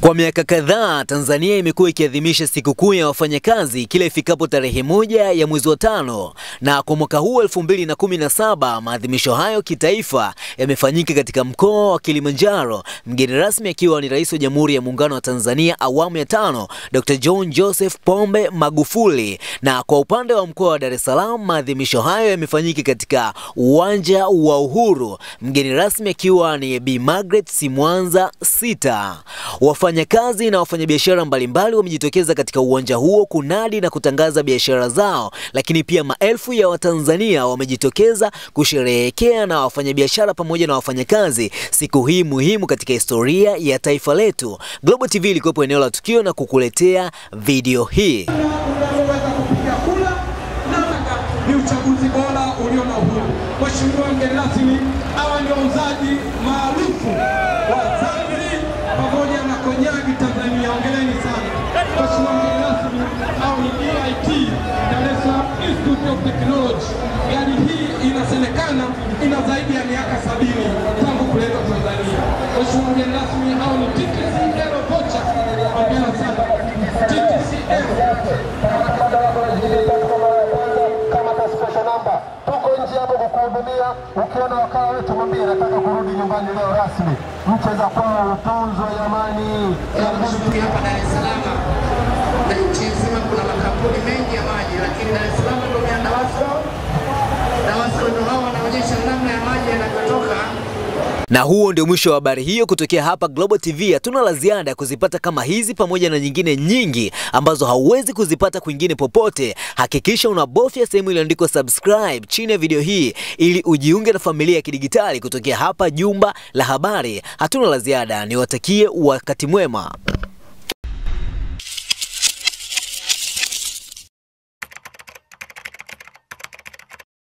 Kwa miaka kadhaa Tanzania imekuwa ikiadhimisha sikukuu ya wafanyakazi kila ifikapo tarehe moja ya mwezi wa tano, na kwa mwaka huu saba maadhimisho hayo kitaifa yamefanyika katika mkoa wa Kilimanjaro, mgeni rasmi akiwa ni Rais wa Jamhuri ya Muungano wa Tanzania awamu ya tano, Dr. John Joseph Pombe Magufuli, na kwa upande wa mkoa wa Dar es Salaam maadhimisho hayo yamefanyika katika uwanja wa Uhuru, mgeni rasmi akiwa ni Bi Margaret Simwanza Sita. Wafa Wafanyakazi na wafanyabiashara mbalimbali wamejitokeza katika uwanja huo kunadi na kutangaza biashara zao, lakini pia maelfu ya Watanzania wamejitokeza kusherehekea na wafanyabiashara pamoja na wafanyakazi siku hii muhimu katika historia ya taifa letu. Global TV ilikuwepo eneo la tukio na kukuletea video hii. Mheshimiwa mgeni rasmi, hawa ndio wauzaji maarufu hii Dar es Salaam Institute of Technology. Gari hii inasemekana ina zaidi ya miaka sabini tangu kuletwa Tanzania. Mheshimiwa mgeni rasmi, hao ni TTCL Vocha. Hongera sana TTCL. Tuko nje hapo Ukiona wakao wetu mwambie nataka kurudi nyumbani leo rasmi. Nchi za kwao utunzwe, jamani. Hapa Dar es Salaam na nchi nzima kuna makampuni mengi ya maji, lakini Dar es Salaam ndio ya DAWASCO. ndio hao wanaonyesha namna ya maji Na huo ndio mwisho wa habari hiyo kutokea hapa Global TV. Hatuna la ziada ya kuzipata kama hizi pamoja na nyingine nyingi ambazo hauwezi kuzipata kwingine popote. Hakikisha unabofya sehemu iliyoandikwa subscribe chini ya video hii ili ujiunge na familia ya kidigitali kutokea hapa Jumba la Habari. Hatuna la ziada, niwatakie wakati mwema.